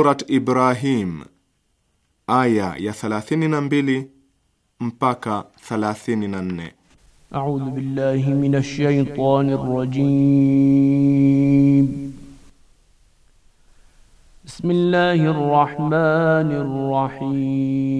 Surat Ibrahim aya ya 32 mpaka 34. A'udhu billahi minash shaitani rajim. Bismillahir rahmanir rahim.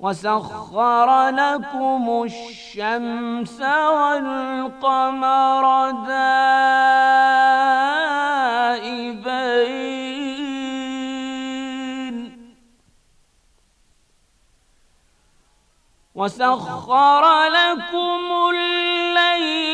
وسخر لكم الشمس والقمر دائبين وسخر لكم الليل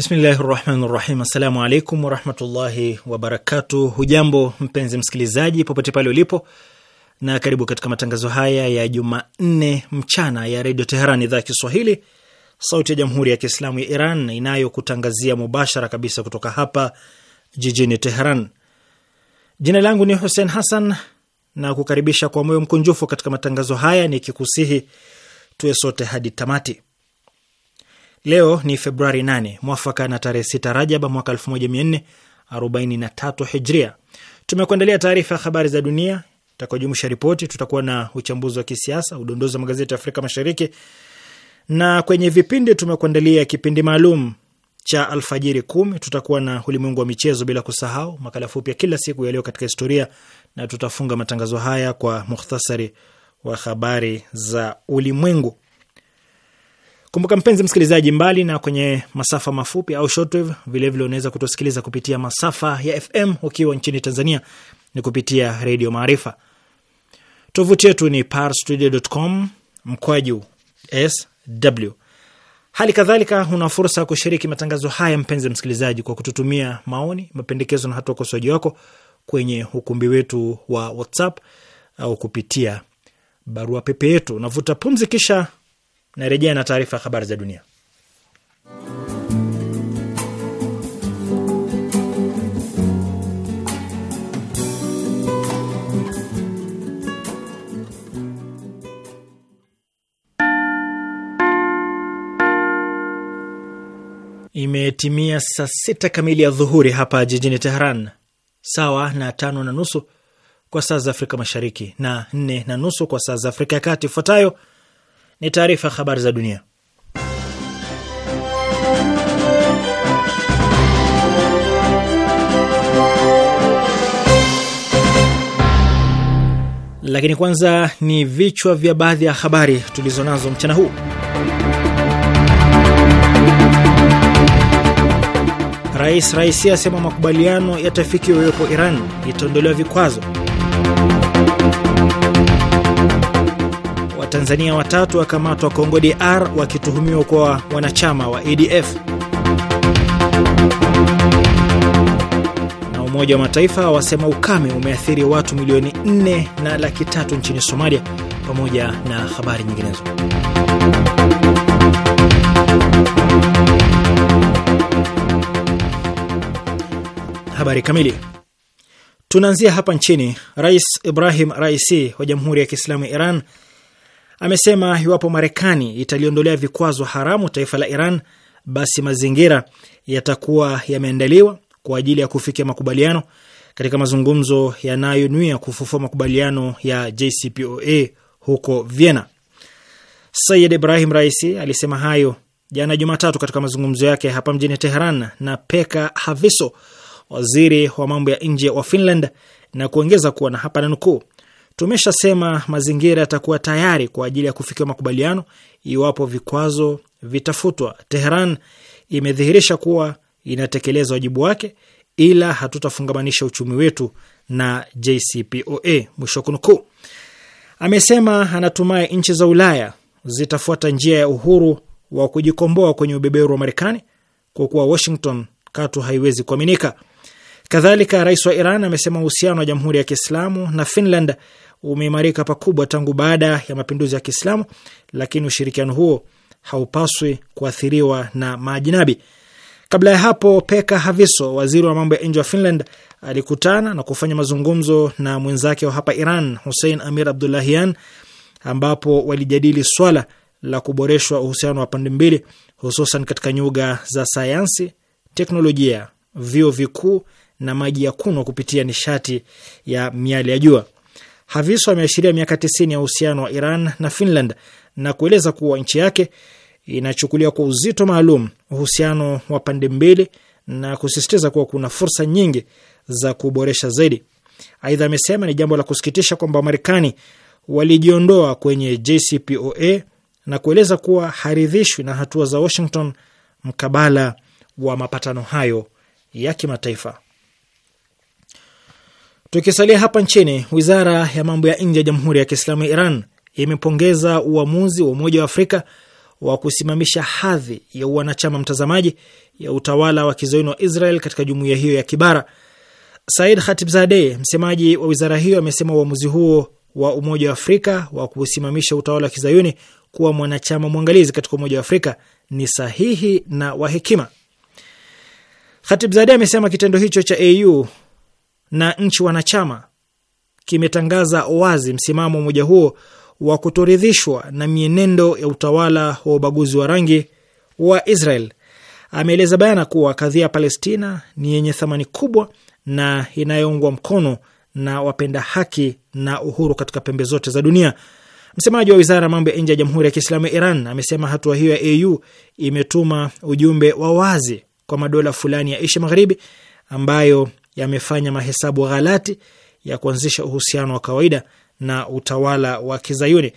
Bismillahi rahmani rahim. Assalamu alaikum warahmatullahi wabarakatuh. Hujambo mpenzi msikilizaji, popote pale ulipo, na karibu katika matangazo haya ya Jumanne mchana ya Redio Teheran, idhaa ya Kiswahili, sauti ya Jamhuri ya Kiislamu ya Iran inayokutangazia mubashara kabisa kutoka hapa jijini Teheran. Jina langu ni Hussein Hassan na kukaribisha kwa moyo mkunjufu katika matangazo haya, nikikusihi tuwe sote hadi tamati. Leo ni Februari 8 mwafaka na tarehe 6 Rajaba mwaka 1443 Hijria. Tumekuandalia taarifa ya habari za dunia takujumuisha ripoti, tutakuwa na uchambuzi wa kisiasa, udondozi wa magazeti ya Afrika Mashariki, na kwenye vipindi tumekuandalia kipindi maalum cha alfajiri kumi, tutakuwa na ulimwengu wa michezo, bila kusahau makala fupi ya kila siku yaliyo katika historia, na tutafunga matangazo haya kwa mukhtasari wa habari za ulimwengu. Kumbuka mpenzi msikilizaji, mbali na kwenye masafa mafupi au shortwave, vilevile unaweza kutusikiliza kupitia masafa ya FM ukiwa nchini Tanzania ni kupitia Redio Maarifa. Tovuti yetu ni parstudio.com mkwaju sw. Hali kadhalika una fursa ya kushiriki matangazo haya, mpenzi msikilizaji, kwa kututumia maoni, mapendekezo na hata ukosoaji wako kwenye ukumbi wetu wa WhatsApp au kupitia barua pepe yetu. Navuta pumzi kisha Narejea na taarifa ya habari za dunia. Imetimia saa sita kamili ya dhuhuri hapa jijini teheran sawa na tano na nusu kwa saa za Afrika Mashariki na nne na nusu kwa saa za Afrika ya Kati. Ifuatayo ni taarifa ya habari za dunia. Lakini kwanza ni vichwa vya baadhi ya habari tulizonazo mchana huu. Rais Raisi asema makubaliano yatafikiwa iwepo Iran itaondolewa vikwazo. Watanzania watatu wakamatwa Kongo DR wakituhumiwa kuwa wanachama wa ADF. E na Umoja wa Mataifa wasema ukame umeathiri watu milioni 4 na laki tatu nchini Somalia, pamoja na habari nyinginezo. Habari kamili tunaanzia hapa nchini. Rais Ibrahim Raisi wa Jamhuri ya Kiislamu ya Iran Amesema iwapo Marekani italiondolea vikwazo haramu taifa la Iran, basi mazingira yatakuwa yameandaliwa kwa ajili ya kufikia makubaliano katika mazungumzo yanayonuia kufufua makubaliano ya JCPOA huko Vienna. Sayid Ibrahim Raisi alisema hayo jana Jumatatu katika mazungumzo yake hapa mjini Teheran na Pekka Haavisto, waziri wa mambo ya nje wa Finland, na kuongeza kuwa na hapa na Tumeshasema mazingira yatakuwa tayari kwa ajili ya kufikiwa makubaliano iwapo vikwazo vitafutwa. Teheran imedhihirisha kuwa inatekeleza wajibu wake, ila hatutafungamanisha uchumi wetu na JCPOA, mwisho kunukuu. Amesema anatumai nchi za Ulaya zitafuata njia ya uhuru wa kujikomboa kwenye ubeberu wa Marekani kwa kuwa Washington katu haiwezi kuaminika. Kadhalika, rais wa Iran amesema uhusiano wa Jamhuri ya Kiislamu na Finland umeimarika pakubwa tangu baada ya mapinduzi ya Kiislamu, lakini ushirikiano huo haupaswi kuathiriwa na maajinabi. Kabla ya hapo, Pekka Havisto, waziri wa mambo ya nje wa Finland, alikutana na kufanya mazungumzo na mwenzake wa hapa Iran, Hussein Amir Abdullahian, ambapo walijadili swala la kuboreshwa uhusiano wa pande mbili, hususan katika nyuga za sayansi, teknolojia, vyuo vikuu na maji ya kunwa kupitia nishati ya miale ya jua. Haviso ameashiria miaka tisini ya uhusiano wa Iran na Finland na kueleza kuwa nchi yake inachukulia kwa uzito maalum uhusiano wa pande mbili na kusisitiza kuwa kuna fursa nyingi za kuboresha zaidi. Aidha, amesema ni jambo la kusikitisha kwamba wamarekani walijiondoa kwenye JCPOA na kueleza kuwa haridhishwi na hatua za Washington mkabala wa mapatano hayo ya kimataifa. Tukisalia hapa nchini, wizara ya mambo ya nje ya Jamhuri ya Kiislamu ya Iran imepongeza uamuzi wa Umoja wa Afrika wa kusimamisha hadhi ya uanachama mtazamaji ya utawala wa kizayuni wa Israel katika jumuiya hiyo ya kibara. Said Khatibzadeh, msemaji wa wizara hiyo, amesema uamuzi huo wa Umoja wa Afrika wa kusimamisha utawala wa kizayuni kuwa mwanachama mwangalizi katika Umoja wa Afrika ni sahihi na wa hekima. amesema kitendo hicho cha AU na nchi wanachama kimetangaza wazi msimamo wa umoja huo wa kutoridhishwa na mienendo ya utawala wa ubaguzi wa rangi wa Israel. Ameeleza bayana kuwa kadhia ya Palestina ni yenye thamani kubwa na inayoungwa mkono na wapenda haki na uhuru katika pembe zote za dunia. Msemaji wa wizara ya mambo ya nje ya Jamhuri ya Kiislamu ya Iran amesema hatua hiyo ya AU imetuma ujumbe wa wazi kwa madola fulani ya Asia Magharibi ambayo yamefanya mahesabu ghalati ya kuanzisha uhusiano wa kawaida na utawala wa Kizayuni.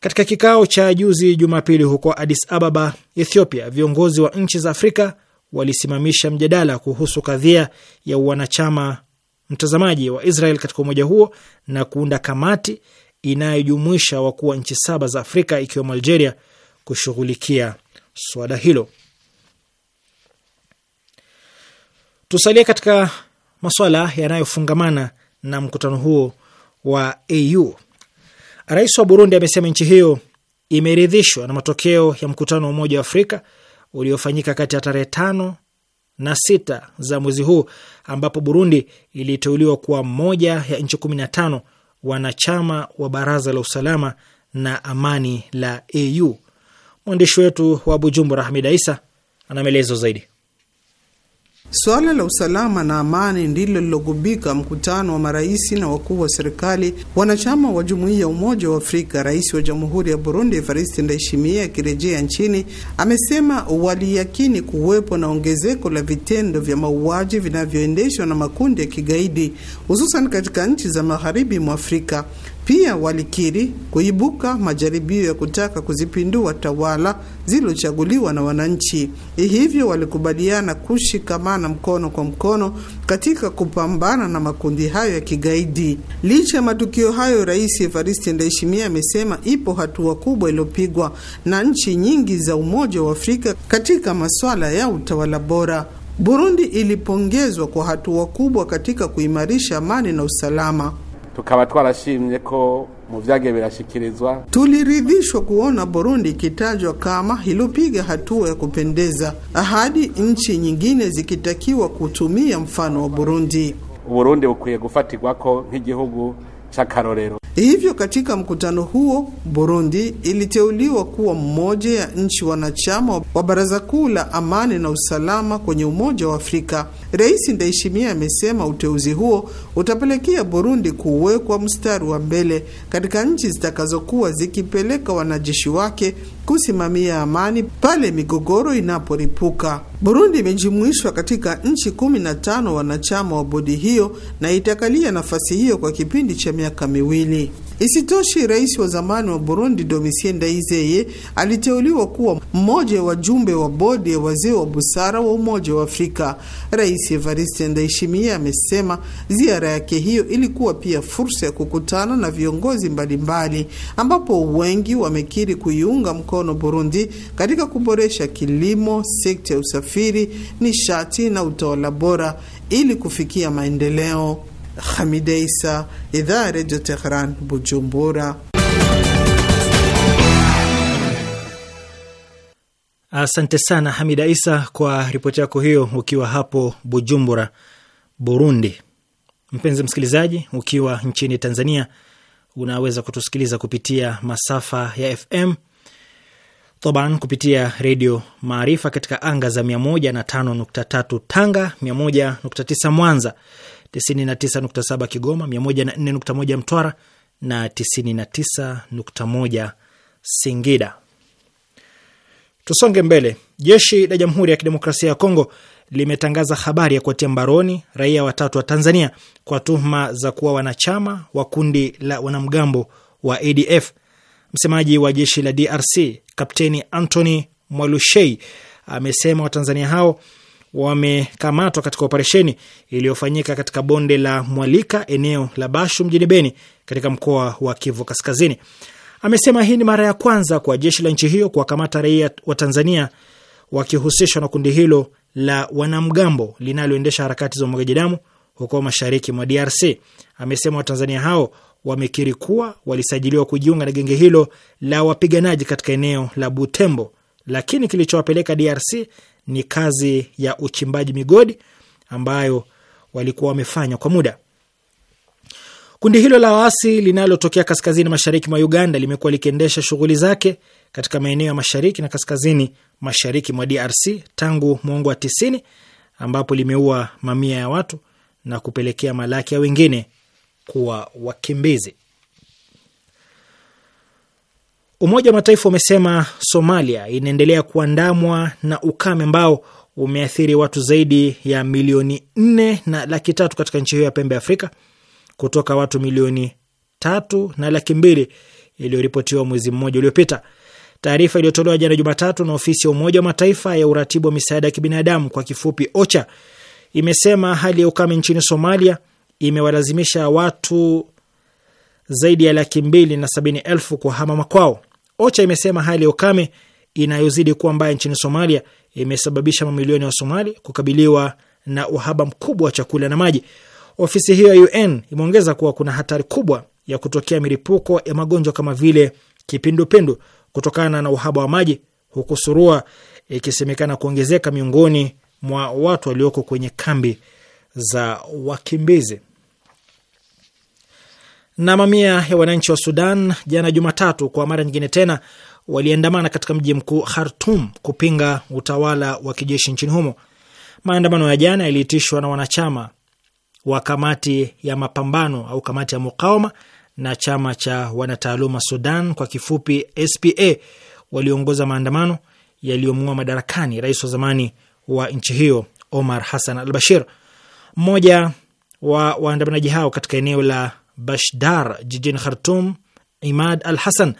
Katika kikao cha juzi Jumapili huko Addis Ababa, Ethiopia, viongozi wa nchi za Afrika walisimamisha mjadala kuhusu kadhia ya wanachama mtazamaji wa Israel katika umoja huo na kuunda kamati inayojumuisha wakuu wa nchi saba za Afrika ikiwemo Algeria kushughulikia swala hilo. Tusalie katika maswala yanayofungamana na mkutano huo wa AU. Rais wa Burundi amesema nchi hiyo imeridhishwa na matokeo ya mkutano wa Umoja wa Afrika uliofanyika kati ya tarehe tano na sita za mwezi huu ambapo Burundi iliteuliwa kuwa moja ya nchi kumi na tano wanachama wa Baraza la Usalama na Amani la AU. Mwandishi wetu wa Bujumbura, Hamida Isa, ana maelezo zaidi. Suala la usalama na amani ndilo lilogubika mkutano wa marais na wakuu wa serikali wanachama wa jumuiya ya Umoja wa Afrika. Rais wa Jamhuri ya Burundi Evariste Ndayishimiye akirejea nchini amesema waliyakini kuwepo na ongezeko la vitendo vya mauaji vinavyoendeshwa na makundi ya kigaidi hususan katika nchi za magharibi mwa Afrika. Pia walikiri kuibuka majaribio ya kutaka kuzipindua tawala zilizochaguliwa na wananchi, hivyo walikubaliana kushikamana mkono kwa mkono katika kupambana na makundi hayo ya kigaidi. Licha ya matukio hayo, Rais Evariste Ndayishimiye amesema ipo hatua kubwa iliyopigwa na nchi nyingi za Umoja wa Afrika katika masuala ya utawala bora. Burundi ilipongezwa kwa hatua kubwa katika kuimarisha amani na usalama tukaba twarashimye ko mu byage birashikirizwa. Tuliridhishwa kuona Burundi ikitajwa kama ilopiga hatua ya kupendeza, ahadi nchi nyingine zikitakiwa kutumia mfano wa Burundi. Uburundi bukwiye gufatirwako nk'igihugu karorero Hivyo katika mkutano huo Burundi iliteuliwa kuwa mmoja ya nchi wanachama wa Baraza Kuu la Amani na Usalama kwenye Umoja wa Afrika. Rais Ndayishimiye amesema uteuzi huo utapelekea Burundi kuwekwa mstari wa mbele katika nchi zitakazokuwa zikipeleka wanajeshi wake kusimamia amani pale migogoro inaporipuka. Burundi imejumuishwa katika nchi kumi na tano wanachama wa bodi hiyo na itakalia nafasi hiyo kwa kipindi cha miaka miwili isitoshi rais wa zamani wa Burundi Domitien Ndayizeye aliteuliwa kuwa mmoja wa jumbe wa bodi ya wazee wa busara wa Umoja wa Afrika. Rais Evariste Ndayishimiye amesema ziara yake hiyo ilikuwa pia fursa ya kukutana na viongozi mbalimbali, ambapo wengi wamekiri kuiunga mkono Burundi katika kuboresha kilimo, sekta ya usafiri, nishati na utawala bora ili kufikia maendeleo. Hamide Isa, idhaa ya Redio Tehran, Bujumbura. Asante sana Hamida Isa kwa ripoti yako hiyo, ukiwa hapo Bujumbura, Burundi. Mpenzi msikilizaji, ukiwa nchini Tanzania unaweza kutusikiliza kupitia masafa ya FM Toban kupitia Redio Maarifa katika anga za 105.3 Tanga, 101.9 Mwanza, 99.7 Kigoma, 104.1 Mtwara na 99.1 Singida. Tusonge mbele. Jeshi la Jamhuri ya Kidemokrasia ya Kongo limetangaza habari ya kuwatia mbaroni raia watatu wa Tanzania kwa tuhuma za kuwa wanachama wa kundi la wanamgambo wa ADF. Msemaji wa jeshi la DRC Kapteni Anthony Mwalushei amesema Watanzania hao wamekamatwa katika operesheni iliyofanyika katika bonde la Mwalika, eneo la Bashu mjini Beni, katika mkoa wa Kivu Kaskazini. Amesema hii ni mara ya kwanza kwa jeshi la nchi hiyo kuwakamata raia wa Tanzania wakihusishwa na kundi hilo la wanamgambo linaloendesha harakati za umwagaji damu huko mashariki mwa DRC. Amesema Watanzania hao wamekiri kuwa walisajiliwa kujiunga na genge hilo la wapiganaji katika eneo la Butembo, lakini kilichowapeleka DRC ni kazi ya uchimbaji migodi ambayo walikuwa wamefanya kwa muda. Kundi hilo la waasi linalotokea kaskazini mashariki mwa Uganda limekuwa likiendesha shughuli zake katika maeneo ya mashariki na kaskazini mashariki mwa DRC tangu mwongo wa tisini, ambapo limeua mamia ya watu na kupelekea malaki ya wengine kuwa wakimbizi. Umoja wa Mataifa umesema Somalia inaendelea kuandamwa na ukame ambao umeathiri watu zaidi ya milioni nne na laki tatu katika nchi hiyo ya pembe Afrika kutoka watu milioni tatu na laki mbili iliyoripotiwa mwezi mmoja uliopita. Taarifa iliyotolewa jana Jumatatu na ofisi ya Umoja wa Mataifa ya uratibu wa misaada ya kibinadamu kwa kifupi OCHA imesema hali ya ukame nchini Somalia imewalazimisha watu zaidi ya laki mbili na sabini elfu kuhama makwao. OCHA imesema hali ya ukame inayozidi kuwa mbaya nchini Somalia imesababisha mamilioni ya Wasomali kukabiliwa na uhaba mkubwa wa chakula na maji. Ofisi hiyo ya UN imeongeza kuwa kuna hatari kubwa ya kutokea milipuko ya magonjwa kama vile kipindupindu kutokana na uhaba wa maji, huku surua ikisemekana kuongezeka miongoni mwa watu walioko kwenye kambi za wakimbizi. Na mamia ya wananchi wa Sudan jana Jumatatu kwa mara nyingine tena waliandamana katika mji mkuu Khartum kupinga utawala wa kijeshi nchini humo. Maandamano ya jana yaliitishwa na wanachama wa kamati ya mapambano au kamati ya mukawama na chama cha wanataaluma Sudan kwa kifupi SPA walioongoza maandamano yaliyomua madarakani rais wa zamani wa nchi hiyo Omar Hassan al Bashir. Mmoja wa waandamanaji hao katika eneo la Bashdar jijini Khartum, Imad Al Hassan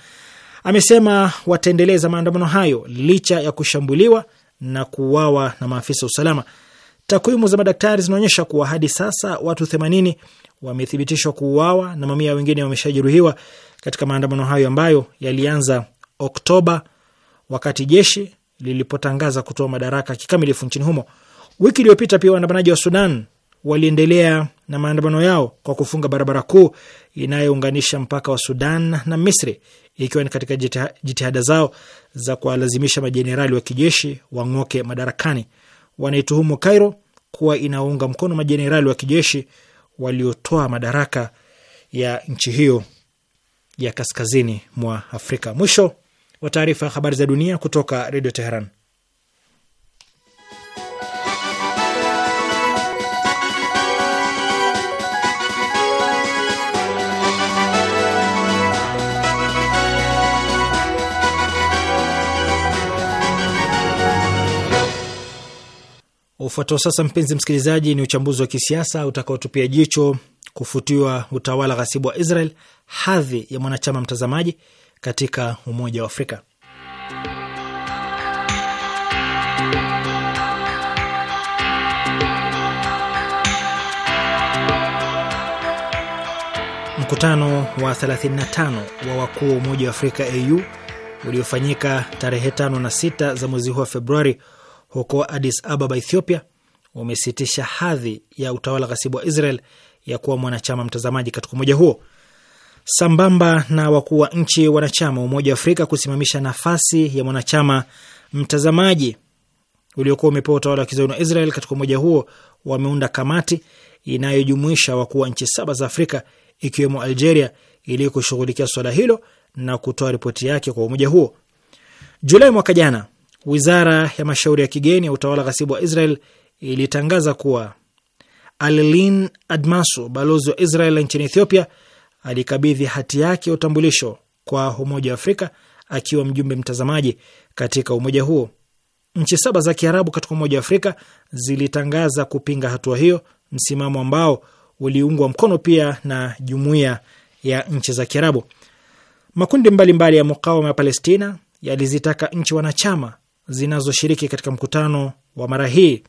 amesema wataendeleza maandamano hayo licha ya kushambuliwa na kuuawa na maafisa wa usalama. Takwimu za madaktari zinaonyesha kuwa hadi sasa watu 80 wamethibitishwa kuuawa na mamia wengine wameshajeruhiwa katika maandamano hayo ambayo yalianza Oktoba wakati jeshi lilipotangaza kutoa madaraka kikamilifu nchini humo. Wiki iliyopita pia waandamanaji wa Sudan waliendelea na maandamano yao kwa kufunga barabara kuu inayounganisha mpaka wa Sudan na Misri, ikiwa ni katika jitihada zao za kuwalazimisha majenerali wa kijeshi wang'oke madarakani. Wanaituhumu Cairo kuwa inaunga mkono majenerali wa kijeshi waliotoa madaraka ya nchi hiyo ya kaskazini mwa Afrika. Mwisho wa taarifa ya habari za dunia kutoka Redio Teheran. Ufuatao sasa, mpenzi msikilizaji, ni uchambuzi wa kisiasa utakaotupia jicho kufutiwa utawala ghasibu wa Israel hadhi ya mwanachama mtazamaji katika Umoja wa Afrika. Mkutano wa 35 wa wakuu wa Umoja wa Afrika au uliofanyika tarehe 5 na 6 za mwezi huu wa Februari huko Addis Ababa, Ethiopia, umesitisha hadhi ya utawala ghasibu wa Israel ya kuwa mwanachama mtazamaji katika umoja huo, sambamba na wakuu wa nchi wanachama Umoja wa Afrika kusimamisha nafasi ya mwanachama mtazamaji uliokuwa umepewa utawala wa kizayuni wa Israel katika umoja huo. Wameunda kamati inayojumuisha wakuu wa nchi saba za Afrika ikiwemo Algeria ili kushughulikia swala hilo na kutoa ripoti yake kwa umoja huo Julai mwaka jana. Wizara ya mashauri ya kigeni ya utawala ghasibu wa Israel ilitangaza kuwa Alilin Admasu, balozi wa Israel nchini Ethiopia, alikabidhi hati yake ya utambulisho kwa Umoja wa Afrika akiwa mjumbe mtazamaji katika umoja huo. Nchi saba za Kiarabu katika Umoja wa Afrika zilitangaza kupinga hatua hiyo, msimamo ambao uliungwa mkono pia na Jumuiya ya Nchi za Kiarabu. Makundi mbalimbali mbali ya mukawama ya Palestina yalizitaka nchi wanachama zinazoshiriki katika mkutano wa mara hii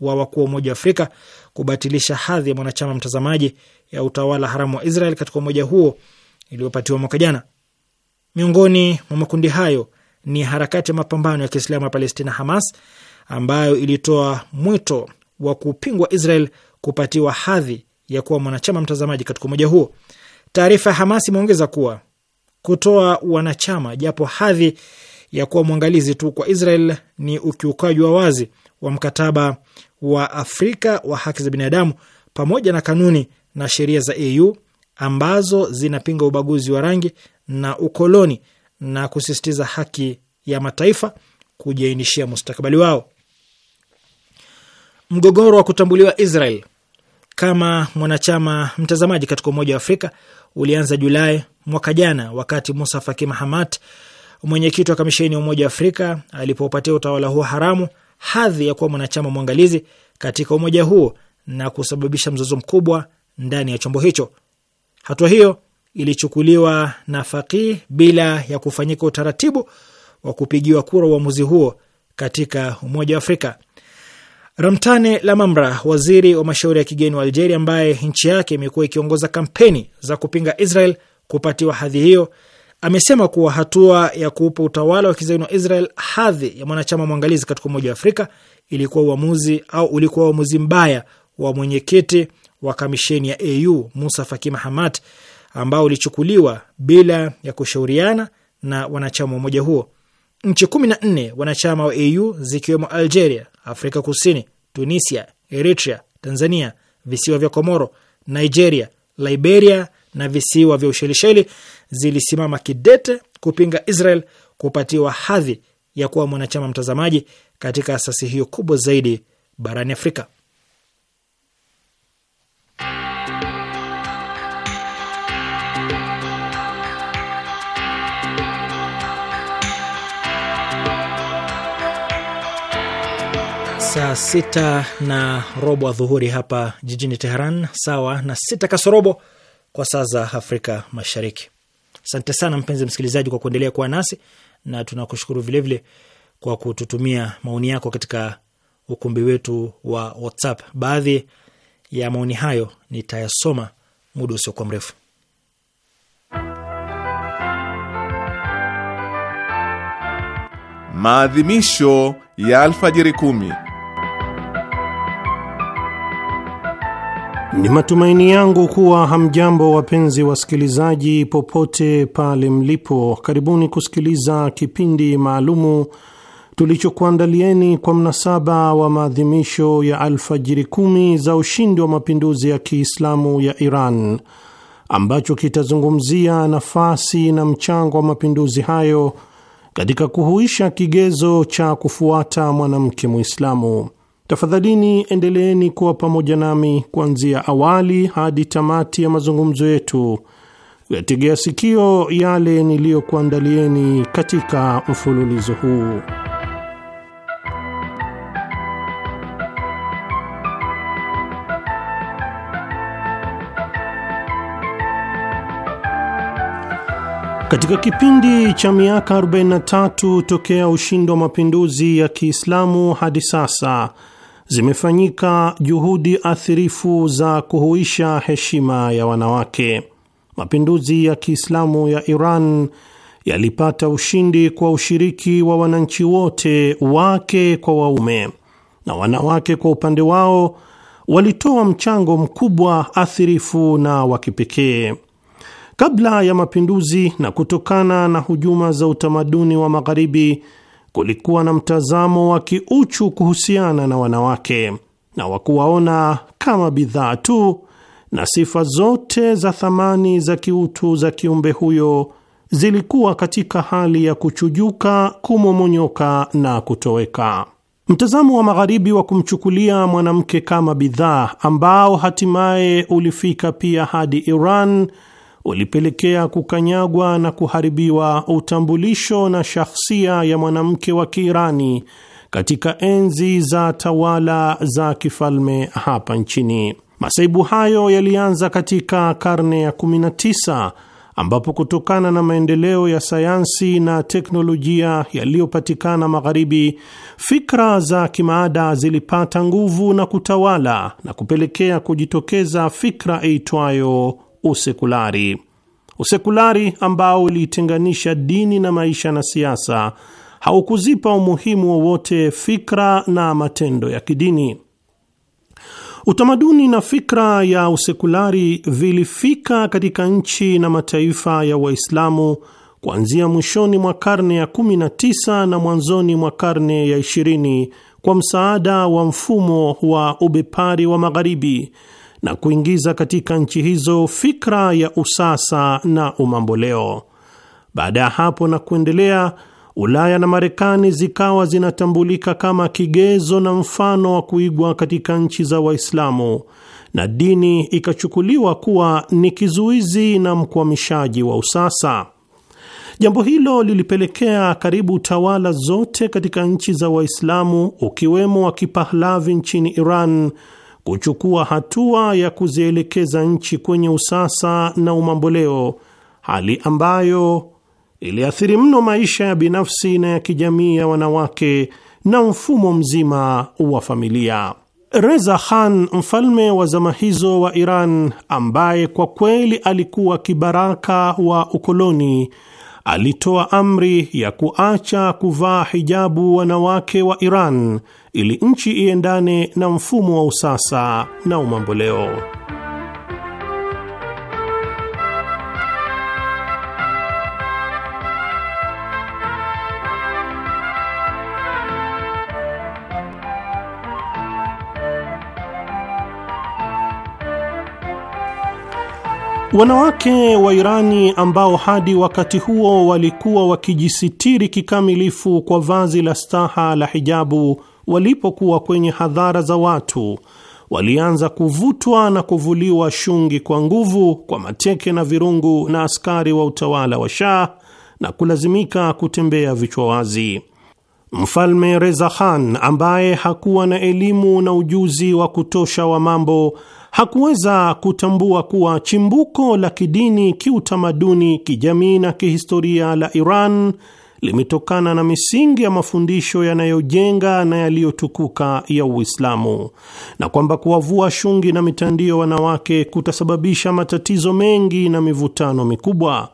wa wakuu wa Umoja wa Afrika kubatilisha hadhi ya mwanachama mtazamaji ya utawala haramu wa Israel katika umoja huo iliyopatiwa mwaka jana. Miongoni mwa makundi hayo ni harakati ya mapambano ya Kiislamu ya Palestina, Hamas, ambayo ilitoa mwito wa kupingwa Israel kupatiwa hadhi ya kuwa mwanachama mtazamaji katika umoja huo. Taarifa ya Hamas imeongeza kuwa kutoa wanachama japo hadhi ya kuwa mwangalizi tu kwa Israel ni ukiukaji wa wazi wa mkataba wa Afrika wa haki za binadamu pamoja na kanuni na sheria za AU ambazo zinapinga ubaguzi wa rangi na ukoloni na kusisitiza haki ya mataifa kujiainishia mustakabali wao. Mgogoro wa kutambuliwa Israel kama mwanachama mtazamaji katika Umoja wa Afrika ulianza Julai mwaka jana wakati Musa Faki Mahamat mwenyekiti wa kamisheni ya Umoja wa Afrika alipopatia utawala huo haramu hadhi ya kuwa mwanachama mwangalizi katika umoja huo na kusababisha mzozo mkubwa ndani ya chombo hicho. Hatua hiyo ilichukuliwa na Faqih bila ya kufanyika utaratibu wa kupigiwa kura uamuzi huo katika Umoja wa Afrika. Ramtane Lamamra, waziri wa mashauri ya kigeni wa Algeria, ambaye nchi yake imekuwa ikiongoza kampeni za kupinga Israel kupatiwa hadhi hiyo, amesema kuwa hatua ya kuupa utawala wa kizayuni wa Israel hadhi ya mwanachama mwangalizi katika Umoja wa Afrika ilikuwa uamuzi au ulikuwa uamuzi mbaya wa mwenyekiti wa kamisheni ya AU Musa Faki Mahamat ambao ulichukuliwa bila ya kushauriana na wanachama wa umoja huo. Nchi kumi na nne wanachama wa AU zikiwemo Algeria, Afrika Kusini, Tunisia, Eritrea, Tanzania, visiwa vya Komoro, Nigeria, Liberia na visiwa vya Ushelisheli zilisimama kidete kupinga Israel kupatiwa hadhi ya kuwa mwanachama mtazamaji katika asasi hiyo kubwa zaidi barani Afrika. Saa sita na robo adhuhuri hapa jijini Teheran, sawa na sita kasorobo kwa saa za Afrika Mashariki. Asante sana mpenzi msikilizaji kwa kuendelea kuwa nasi na tunakushukuru vilevile kwa kututumia maoni yako katika ukumbi wetu wa WhatsApp. Baadhi ya maoni hayo nitayasoma muda usiokuwa mrefu. Maadhimisho ya alfajiri kumi. Ni matumaini yangu kuwa hamjambo wapenzi wasikilizaji, popote pale mlipo. Karibuni kusikiliza kipindi maalumu tulichokuandalieni kwa mnasaba wa maadhimisho ya alfajiri kumi za ushindi wa mapinduzi ya Kiislamu ya Iran ambacho kitazungumzia nafasi na mchango wa mapinduzi hayo katika kuhuisha kigezo cha kufuata mwanamke Muislamu. Tafadhalini endeleeni kuwa pamoja nami kuanzia awali hadi tamati ya mazungumzo yetu, kuyategea sikio yale niliyokuandalieni katika mfululizo huu. Katika kipindi cha miaka 43 tokea ushindi wa mapinduzi ya Kiislamu hadi sasa zimefanyika juhudi athirifu za kuhuisha heshima ya wanawake. Mapinduzi ya Kiislamu ya Iran yalipata ushindi kwa ushiriki wa wananchi wote, wake kwa waume, na wanawake kwa upande wao walitoa mchango mkubwa athirifu na wa kipekee. Kabla ya mapinduzi na kutokana na hujuma za utamaduni wa Magharibi, kulikuwa na mtazamo wa kiuchu kuhusiana na wanawake na wa kuwaona kama bidhaa tu, na sifa zote za thamani za kiutu za kiumbe huyo zilikuwa katika hali ya kuchujuka, kumomonyoka na kutoweka. Mtazamo wa Magharibi wa kumchukulia mwanamke kama bidhaa ambao hatimaye ulifika pia hadi Iran ulipelekea kukanyagwa na kuharibiwa utambulisho na shahsia ya mwanamke wa Kiirani katika enzi za tawala za kifalme hapa nchini. Masaibu hayo yalianza katika karne ya 19 ambapo kutokana na maendeleo ya sayansi na teknolojia yaliyopatikana magharibi, fikra za kimaada zilipata nguvu na kutawala na kupelekea kujitokeza fikra itwayo usekulari. Usekulari ambao uliitenganisha dini na maisha na siasa haukuzipa umuhimu wowote fikra na matendo ya kidini. Utamaduni na fikra ya usekulari vilifika katika nchi na mataifa ya Waislamu kuanzia mwishoni mwa karne ya 19 na mwanzoni mwa karne ya 20 kwa msaada wa mfumo wa ubepari wa Magharibi na kuingiza katika nchi hizo fikra ya usasa na umamboleo. Baada ya hapo na kuendelea, Ulaya na Marekani zikawa zinatambulika kama kigezo na mfano wa kuigwa katika nchi za Waislamu, na dini ikachukuliwa kuwa ni kizuizi na mkwamishaji wa usasa. Jambo hilo lilipelekea karibu tawala zote katika nchi za Waislamu, ukiwemo wa Kipahlavi nchini Iran kuchukua hatua ya kuzielekeza nchi kwenye usasa na umamboleo, hali ambayo iliathiri mno maisha ya binafsi na ya kijamii ya wanawake na mfumo mzima wa familia. Reza Khan, mfalme wa zama hizo wa Iran, ambaye kwa kweli alikuwa kibaraka wa ukoloni alitoa amri ya kuacha kuvaa hijabu wanawake wa Iran ili nchi iendane na mfumo wa usasa na umamboleo. Wanawake wa Irani ambao hadi wakati huo walikuwa wakijisitiri kikamilifu kwa vazi la staha la hijabu, walipokuwa kwenye hadhara za watu, walianza kuvutwa na kuvuliwa shungi kwa nguvu, kwa mateke na virungu na askari wa utawala wa Shah na kulazimika kutembea vichwa wazi. Mfalme Reza Khan ambaye hakuwa na elimu na ujuzi wa kutosha wa mambo hakuweza kutambua kuwa chimbuko la kidini, kiutamaduni, kijamii na kihistoria la Iran limetokana na misingi ya mafundisho yanayojenga na yaliyotukuka ya Uislamu na kwamba kuwavua shungi na mitandio wanawake kutasababisha matatizo mengi na mivutano mikubwa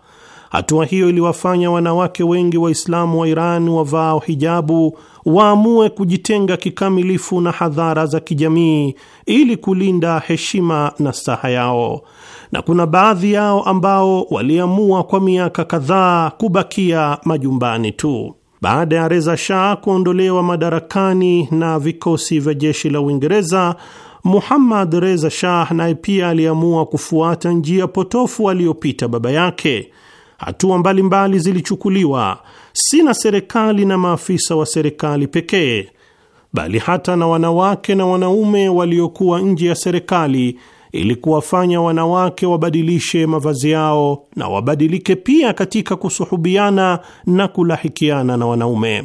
Hatua hiyo iliwafanya wanawake wengi Waislamu wa Iran wavao hijabu waamue kujitenga kikamilifu na hadhara za kijamii ili kulinda heshima na staha yao, na kuna baadhi yao ambao waliamua kwa miaka kadhaa kubakia majumbani tu. Baada ya Reza Shah kuondolewa madarakani na vikosi vya jeshi la Uingereza, Muhammad Reza Shah naye pia aliamua kufuata njia potofu aliyopita baba yake Hatua mbalimbali zilichukuliwa, si na serikali na maafisa wa serikali pekee, bali hata na wanawake na wanaume waliokuwa nje ya serikali, ili kuwafanya wanawake wabadilishe mavazi yao na wabadilike pia katika kusuhubiana na kulahikiana na wanaume.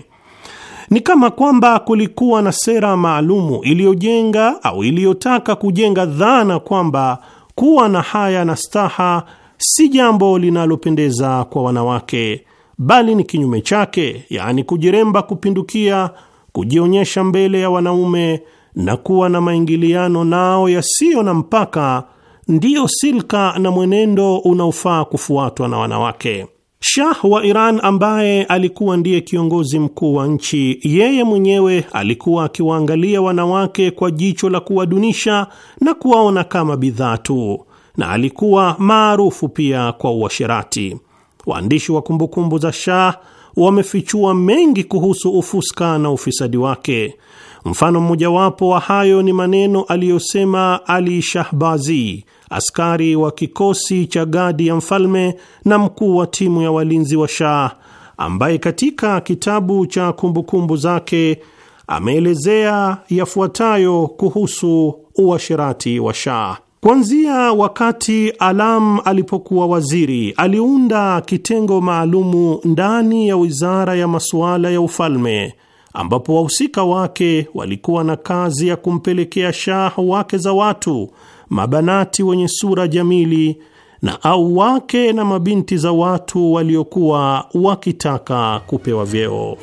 Ni kama kwamba kulikuwa na sera maalumu iliyojenga au iliyotaka kujenga dhana kwamba kuwa na haya na staha si jambo linalopendeza kwa wanawake, bali ni kinyume chake, yaani kujiremba kupindukia, kujionyesha mbele ya wanaume na kuwa na maingiliano nao yasiyo na mpaka, ndiyo silka na mwenendo unaofaa kufuatwa na wanawake. Shah wa Iran ambaye alikuwa ndiye kiongozi mkuu wa nchi, yeye mwenyewe alikuwa akiwaangalia wanawake kwa jicho la kuwadunisha na kuwaona kama bidhaa tu na alikuwa maarufu pia kwa uasherati. Waandishi wa kumbukumbu za Shah wamefichua mengi kuhusu ufuska na ufisadi wake. Mfano mmojawapo wa hayo ni maneno aliyosema Ali Shahbazi, askari wa kikosi cha gadi ya mfalme na mkuu wa timu ya walinzi wa Shah, ambaye katika kitabu cha kumbukumbu zake ameelezea yafuatayo kuhusu uasherati wa Shah. Kuanzia wakati Alam alipokuwa waziri, aliunda kitengo maalumu ndani ya wizara ya masuala ya ufalme, ambapo wahusika wake walikuwa na kazi ya kumpelekea shah wake za watu, mabanati wenye sura jamili na au wake na mabinti za watu waliokuwa wakitaka kupewa vyeo.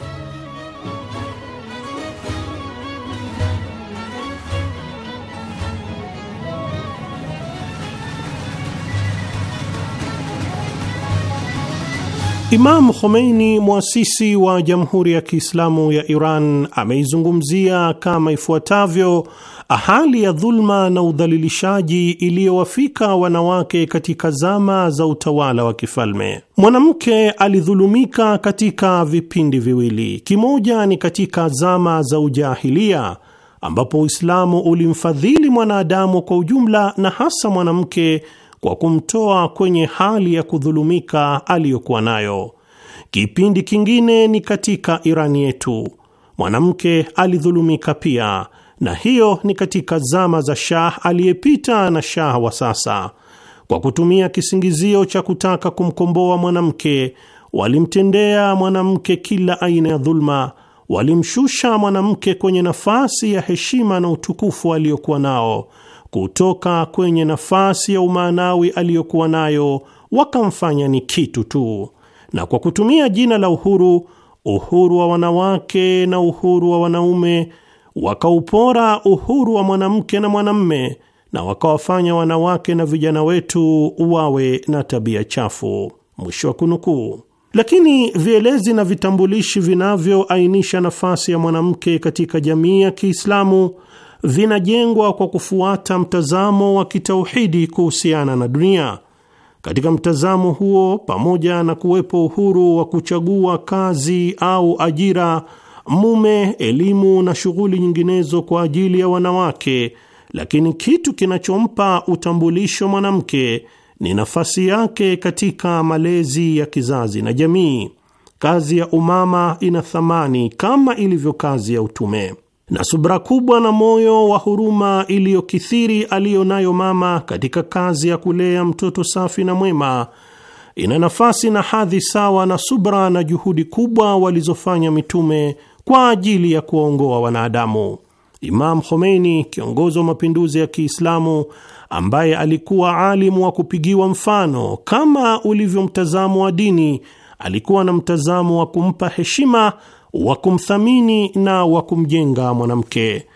Imam Khomeini, mwasisi wa Jamhuri ya Kiislamu ya Iran, ameizungumzia kama ifuatavyo hali ya dhulma na udhalilishaji iliyowafika wanawake katika zama za utawala wa kifalme. Mwanamke alidhulumika katika vipindi viwili. Kimoja ni katika zama za ujahilia ambapo Uislamu ulimfadhili mwanadamu kwa ujumla na hasa mwanamke kwa kumtoa kwenye hali ya kudhulumika aliyokuwa nayo. Kipindi kingine ni katika Irani yetu, mwanamke alidhulumika pia, na hiyo ni katika zama za Shah aliyepita na Shah wa sasa. Kwa kutumia kisingizio cha kutaka kumkomboa mwanamke, walimtendea mwanamke kila aina ya dhuluma, walimshusha mwanamke kwenye nafasi ya heshima na utukufu aliyokuwa nao kutoka kwenye nafasi ya umaanawi aliyokuwa nayo, wakamfanya ni kitu tu, na kwa kutumia jina la uhuru, uhuru wa wanawake na uhuru wa wanaume, wakaupora uhuru wa mwanamke na mwanamme, na wakawafanya wanawake na vijana wetu wawe na tabia chafu. Mwisho wa kunukuu. Lakini vielezi na vitambulishi vinavyoainisha nafasi ya mwanamke katika jamii ya Kiislamu vinajengwa kwa kufuata mtazamo wa kitauhidi kuhusiana na dunia. Katika mtazamo huo, pamoja na kuwepo uhuru wa kuchagua kazi au ajira, mume, elimu na shughuli nyinginezo kwa ajili ya wanawake, lakini kitu kinachompa utambulisho mwanamke ni nafasi yake katika malezi ya kizazi na jamii. Kazi ya umama ina thamani kama ilivyo kazi ya utume na subra kubwa na moyo wa huruma iliyokithiri aliyo nayo mama katika kazi ya kulea mtoto safi na mwema ina nafasi na hadhi sawa na subra na juhudi kubwa walizofanya mitume kwa ajili ya kuwaongoa wanadamu. Imam Khomeini, kiongozi wa mapinduzi ya Kiislamu ambaye alikuwa alimu wa kupigiwa mfano kama ulivyo mtazamo wa dini, alikuwa na mtazamo wa kumpa heshima wa kumthamini na wa kumjenga mwanamke.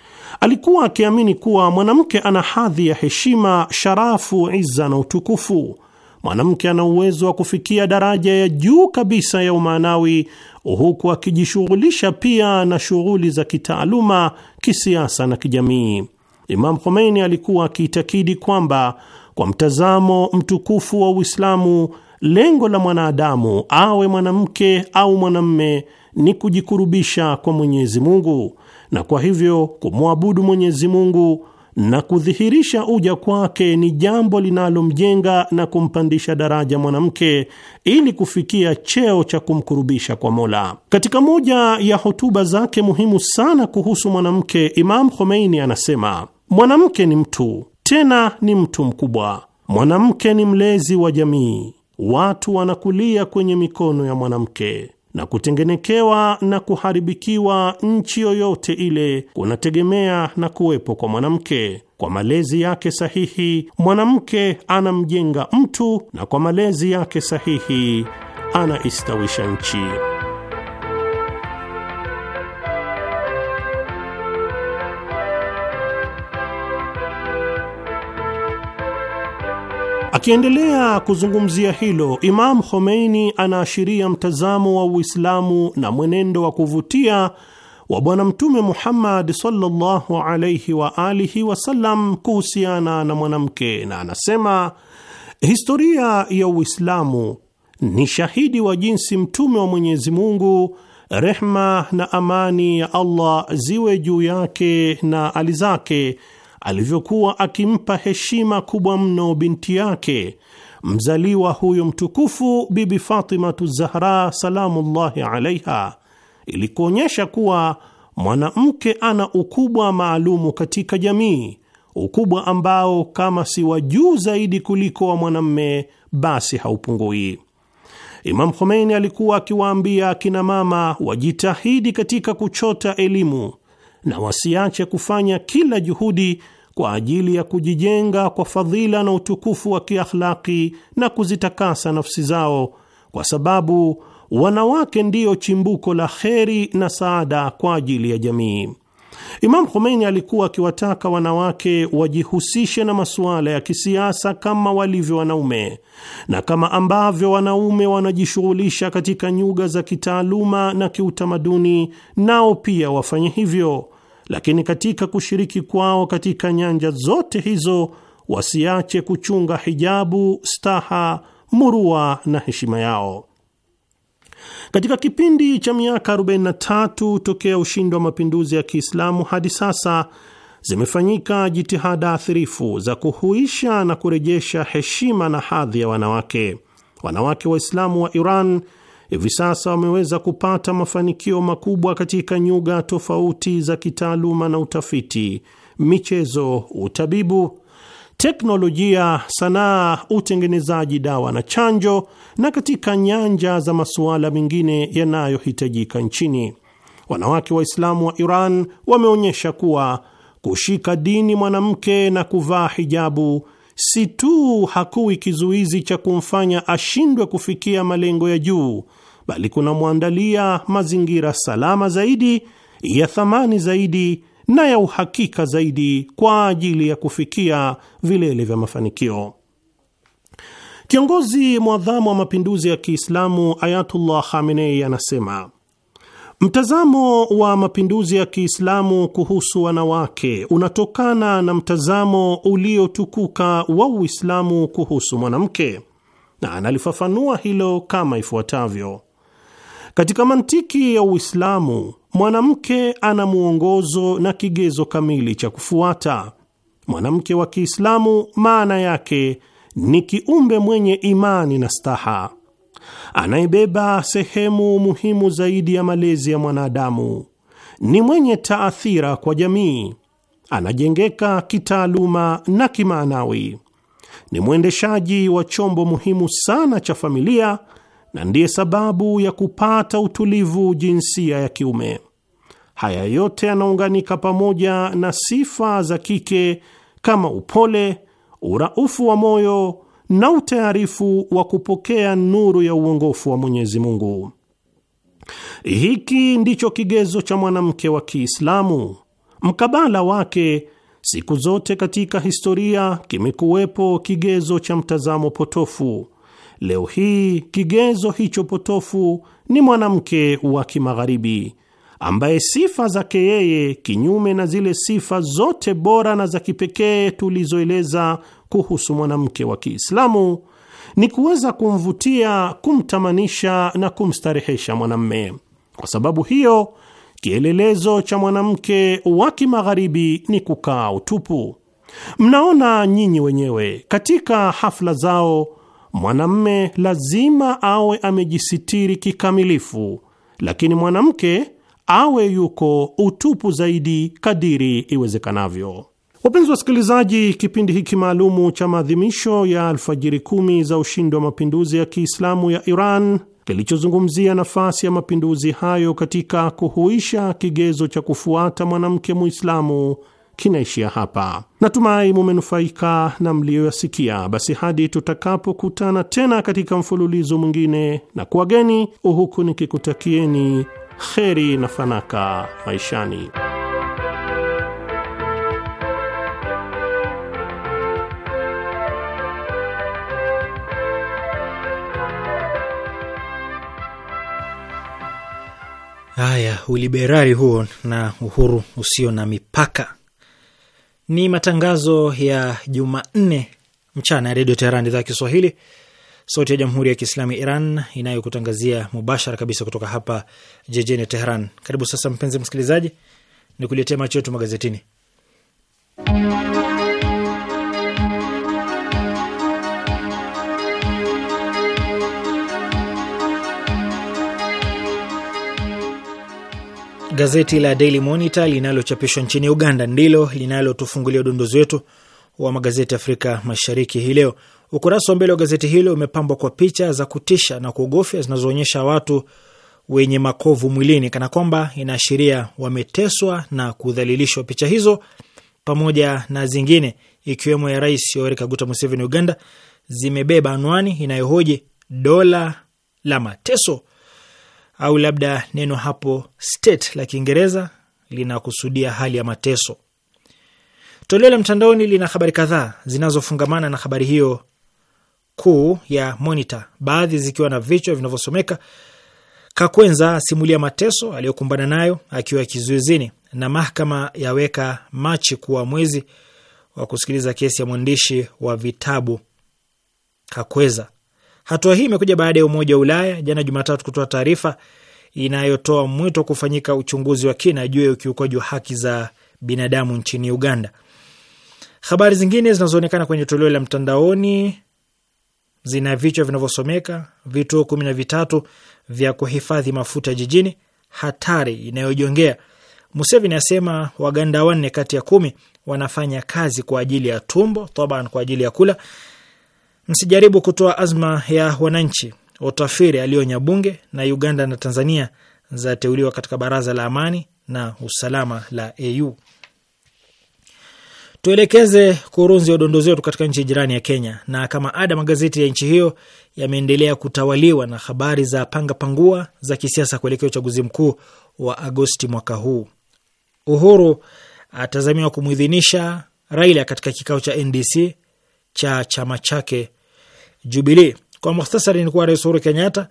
Alikuwa akiamini kuwa mwanamke ana hadhi ya heshima, sharafu, iza na utukufu. Mwanamke ana uwezo wa kufikia daraja ya juu kabisa ya umaanawi, huku akijishughulisha pia na shughuli za kitaaluma, kisiasa na kijamii. Imam Khomeini alikuwa akiitakidi kwamba kwa mtazamo mtukufu wa Uislamu, lengo la mwanadamu, awe mwanamke au mwanamme ni kujikurubisha kwa Mwenyezi Mungu, na kwa hivyo kumwabudu Mwenyezi Mungu na kudhihirisha uja kwake ni jambo linalomjenga na kumpandisha daraja mwanamke ili kufikia cheo cha kumkurubisha kwa Mola. Katika moja ya hotuba zake muhimu sana kuhusu mwanamke, Imam Khomeini anasema, mwanamke ni mtu, tena ni mtu mkubwa. Mwanamke ni mlezi wa jamii, watu wanakulia kwenye mikono ya mwanamke na kutengenekewa na kuharibikiwa nchi yoyote ile kunategemea na kuwepo kwa mwanamke. Kwa malezi yake sahihi, mwanamke anamjenga mtu, na kwa malezi yake sahihi, anaistawisha nchi. Akiendelea kuzungumzia hilo, Imam Khomeini anaashiria mtazamo wa Uislamu na mwenendo wa kuvutia wa Bwana Mtume Muhammad sallallahu alayhi wa alihi wasallam kuhusiana na mwanamke, na anasema historia ya Uislamu ni shahidi wa jinsi Mtume wa Mwenyezi Mungu, rehma na amani ya Allah ziwe juu yake na ali zake alivyokuwa akimpa heshima kubwa mno binti yake mzaliwa huyo mtukufu Bibi Fatimatu Zahra salamullahi alaiha, ili kuonyesha kuwa mwanamke ana ukubwa maalumu katika jamii, ukubwa ambao kama si wa juu zaidi kuliko wa mwanamme basi haupungui. Imam Khomeini alikuwa akiwaambia akina mama wajitahidi katika kuchota elimu na wasiache kufanya kila juhudi kwa ajili ya kujijenga kwa fadhila na utukufu wa kiakhlaki na kuzitakasa nafsi zao, kwa sababu wanawake ndiyo chimbuko la kheri na saada kwa ajili ya jamii. Imam Khomeini alikuwa akiwataka wanawake wajihusishe na masuala ya kisiasa kama walivyo wanaume, na kama ambavyo wanaume wanajishughulisha katika nyuga za kitaaluma na kiutamaduni, nao pia wafanye hivyo lakini katika kushiriki kwao katika nyanja zote hizo wasiache kuchunga hijabu, staha, murua na heshima yao. Katika kipindi cha miaka 43 tokea ushindi wa mapinduzi ya Kiislamu hadi sasa zimefanyika jitihada athirifu za kuhuisha na kurejesha heshima na hadhi ya wanawake. Wanawake Waislamu wa Iran hivi sasa wameweza kupata mafanikio makubwa katika nyuga tofauti za kitaaluma na utafiti, michezo, utabibu, teknolojia, sanaa, utengenezaji dawa na chanjo, na katika nyanja za masuala mengine yanayohitajika nchini. Wanawake Waislamu wa Iran wameonyesha kuwa kushika dini mwanamke na kuvaa hijabu si tu hakuwi kizuizi cha kumfanya ashindwe kufikia malengo ya juu, bali kunamwandalia mazingira salama zaidi ya thamani zaidi na ya uhakika zaidi kwa ajili ya kufikia vilele vya mafanikio. Kiongozi mwadhamu wa mapinduzi ya Kiislamu Ayatullah Khamenei anasema Mtazamo wa mapinduzi ya Kiislamu kuhusu wanawake unatokana na mtazamo uliotukuka wa Uislamu kuhusu mwanamke, na analifafanua hilo kama ifuatavyo: katika mantiki ya Uislamu, mwanamke ana mwongozo na kigezo kamili cha kufuata. Mwanamke wa Kiislamu maana yake ni kiumbe mwenye imani na staha anayebeba sehemu muhimu zaidi ya malezi ya mwanadamu, ni mwenye taathira kwa jamii, anajengeka kitaaluma na kimaanawi, ni mwendeshaji wa chombo muhimu sana cha familia na ndiye sababu ya kupata utulivu jinsia ya kiume. Haya yote yanaunganika pamoja na sifa za kike kama upole, uraufu wa moyo na utayarifu wa kupokea nuru ya uongofu wa Mwenyezi Mungu. Hiki ndicho kigezo cha mwanamke wa Kiislamu. Mkabala wake siku zote katika historia kimekuwepo kigezo cha mtazamo potofu. Leo hii kigezo hicho potofu ni mwanamke wa Kimagharibi ambaye sifa zake yeye, kinyume na zile sifa zote bora na za kipekee tulizoeleza kuhusu mwanamke wa Kiislamu ni kuweza kumvutia, kumtamanisha na kumstarehesha mwanamme. Kwa sababu hiyo, kielelezo cha mwanamke wa kimagharibi ni kukaa utupu. Mnaona nyinyi wenyewe katika hafla zao, mwanamme lazima awe amejisitiri kikamilifu, lakini mwanamke awe yuko utupu zaidi kadiri iwezekanavyo. Wapenzi wasikilizaji, kipindi hiki maalumu cha maadhimisho ya alfajiri kumi za ushindi wa mapinduzi ya Kiislamu ya Iran kilichozungumzia nafasi ya mapinduzi hayo katika kuhuisha kigezo cha kufuata mwanamke Muislamu kinaishia hapa. Natumai mumenufaika na mliyoyasikia. Basi hadi tutakapokutana tena katika mfululizo mwingine, na kuwageni huku nikikutakieni kheri na fanaka maishani. Haya, uliberari huo na uhuru usio na mipaka. Ni matangazo ya Jumanne mchana ya Redio Teheran, idhaa ya Kiswahili, sauti ya Jamhuri ya Kiislamu ya Iran inayokutangazia mubashara kabisa kutoka hapa jijini Teheran. Karibu sasa, mpenzi msikilizaji, ni kuletea macho yetu magazetini. Gazeti la Daily Monitor linalochapishwa nchini Uganda ndilo linalotufungulia udondozi wetu wa magazeti Afrika Mashariki hii leo. Ukurasa wa mbele wa gazeti hilo umepambwa kwa picha za kutisha na kuogofya zinazoonyesha watu wenye makovu mwilini, kana kwamba inaashiria wameteswa na kudhalilishwa. Picha hizo pamoja na zingine ikiwemo ya Rais Yoweri Kaguta Museveni Uganda zimebeba anwani inayohoji dola la mateso au labda neno hapo state la Kiingereza linakusudia hali ya mateso. Toleo la mtandaoni lina habari kadhaa zinazofungamana na habari hiyo kuu ya Monitor, baadhi zikiwa na vichwa vinavyosomeka Kakwenza asimulia mateso aliyokumbana nayo akiwa kizuizini, na mahakama yaweka Machi kuwa mwezi wa kusikiliza kesi ya mwandishi wa vitabu Kakweza. Hatua hii imekuja baada ya Umoja wa Ulaya jana Jumatatu kutoa taarifa inayotoa mwito wa kufanyika uchunguzi wa kina juu ya ukiukaji wa haki za binadamu nchini Uganda. Habari zingine zinazoonekana kwenye toleo la mtandaoni zina vichwa vinavyosomeka: vituo kumi na vitatu vya kuhifadhi mafuta jijini, hatari inayojongea. Museveni asema Waganda wanne kati ya kumi wanafanya kazi kwa ajili ya tumbo, taban kwa ajili ya kula Msijaribu kutoa azma ya wananchi utafiri alionya bunge na Uganda na Tanzania zateuliwa katika baraza la amani na usalama la AU. Tuelekeze kurunzi ya udondozi wetu katika nchi jirani ya Kenya, na kama ada, magazeti ya nchi hiyo yameendelea kutawaliwa na habari za panga pangua za kisiasa kuelekea uchaguzi mkuu wa Agosti mwaka huu. Uhuru atazamiwa kumwidhinisha Raila katika kikao cha NDC cha chama chake Jubilee. Kwa muhtasari, ni kuwa Rais Uhuru Kenyatta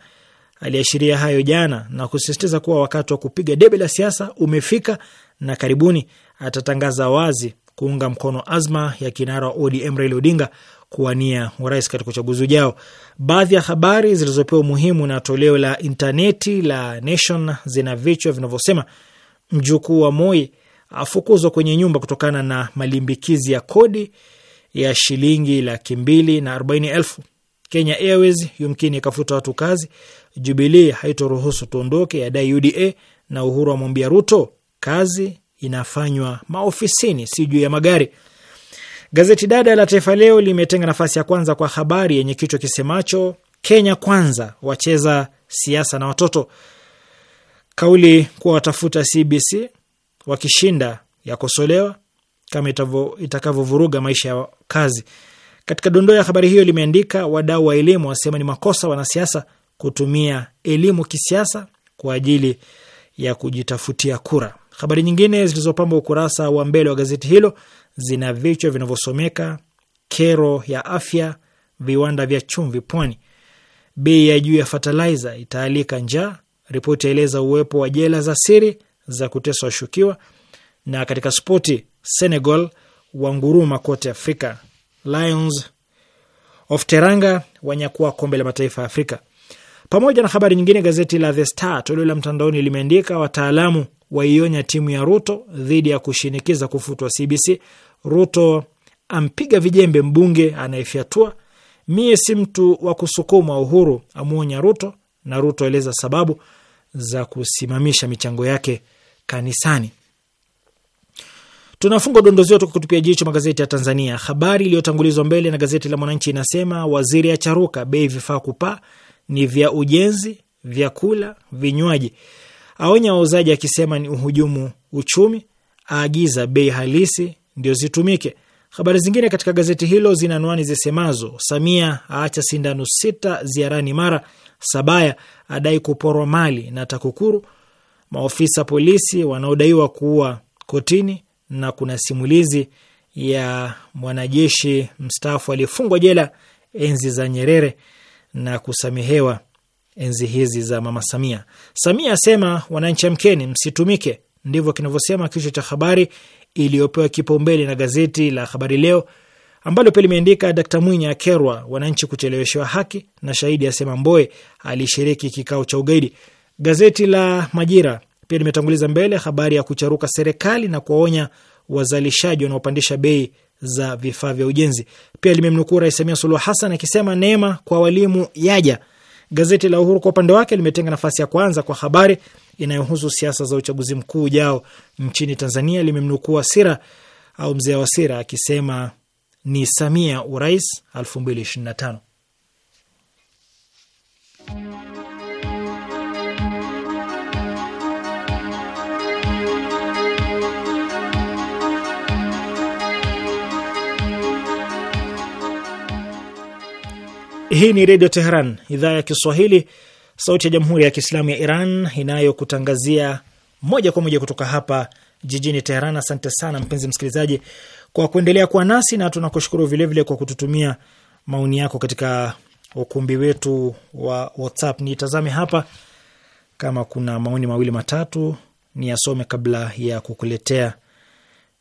aliashiria hayo jana na kusisitiza kuwa wakati wa kupiga debe la siasa umefika na karibuni atatangaza wazi kuunga mkono azma ya kinara wa ODM Raila Odinga kuwania urais katika uchaguzi ujao. Baadhi ya habari zilizopewa umuhimu na toleo la intaneti la Nation zina vichwa vinavyosema mjukuu wa Moi afukuzwa kwenye nyumba kutokana na malimbikizi ya kodi ya shilingi laki mbili na arobaini elfu. Kenya Airways yumkini ikafuta watu kazi. Jubilee haitoruhusu tuondoke, yadai UDA. Na Uhuru amwambia Ruto kazi inafanywa maofisini, si juu ya magari. Gazeti dada la Taifa Leo limetenga nafasi ya kwanza kwa habari yenye kichwa kisemacho Kenya Kwanza wacheza siasa na watoto. Kauli kuwa watafuta CBC wakishinda yakosolewa kama itakavyovuruga maisha ya kazi. Katika dondoo ya habari hiyo limeandika, wadau wa elimu wasema ni makosa wanasiasa kutumia elimu kisiasa kwa ajili ya kujitafutia kura. Habari nyingine zilizopamba ukurasa wa mbele wa gazeti hilo zina vichwa vinavyosomeka kero ya afya, viwanda vya chumvi pwani, bei ya juu ya fataliza itaalika njaa, ripoti yaeleza uwepo wa jela za siri za kuteswa washukiwa, na katika spoti, Senegal wanguruma kote Afrika. Lions of Teranga wanyakua kombe la mataifa ya Afrika. Pamoja na habari nyingine, gazeti la The Star toleo la mtandaoni limeandika wataalamu waionya timu ya Ruto dhidi ya kushinikiza kufutwa CBC. Ruto ampiga vijembe mbunge anayefyatua. Mie si mtu wa kusukuma, Uhuru amwonya Ruto, na Ruto eleza sababu za kusimamisha michango yake kanisani. Tunafunga udondozi wetu kwa kutupia jicho magazeti ya Tanzania. Habari iliyotangulizwa mbele na gazeti la Mwananchi inasema waziri acharuka, bei vifaa kupaa, ni vya ujenzi, vyakula, vinywaji, aonya wauzaji akisema ni uhujumu uchumi, aagiza bei halisi ndio zitumike. Habari zingine katika gazeti hilo zina anwani zisemazo: Samia aacha sindano sita ziarani Mara, Sabaya adai kuporwa mali na TAKUKURU, maofisa polisi wanaodaiwa kuua kotini na kuna simulizi ya mwanajeshi mstaafu aliyefungwa jela enzi za Nyerere na kusamehewa enzi hizi za Mama Samia. Samia asema wananchi, amkeni, msitumike. Ndivyo kinavyosema kichwa cha habari iliyopewa kipaumbele na gazeti la Habari Leo ambalo pia limeandika Dkt Mwinyi akerwa wananchi kucheleweshewa haki, na shahidi asema Mboe alishiriki kikao cha ugaidi. Gazeti la Majira pia limetanguliza mbele habari ya kucharuka serikali na kuwaonya wazalishaji wanaopandisha bei za vifaa vya ujenzi. Pia limemnukuu Rais Samia Suluhu Hassan akisema neema kwa walimu yaja. Gazeti la Uhuru kwa upande wake limetenga nafasi ya kwanza kwa habari inayohusu siasa za uchaguzi mkuu ujao nchini Tanzania. Limemnukuu Wasira au mzee Wasira akisema ni Samia urais 2025. Hii ni Redio Teheran, idhaa ya Kiswahili, sauti ya Jamhuri ya Kiislamu ya Iran inayokutangazia moja kwa moja kutoka hapa jijini Teheran. Asante sana mpenzi msikilizaji kwa kuendelea kuwa nasi na tunakushukuru vilevile kwa kututumia maoni yako katika ukumbi wetu wa WhatsApp. Nitazame hapa kama kuna maoni mawili matatu ni yasome kabla ya kukuletea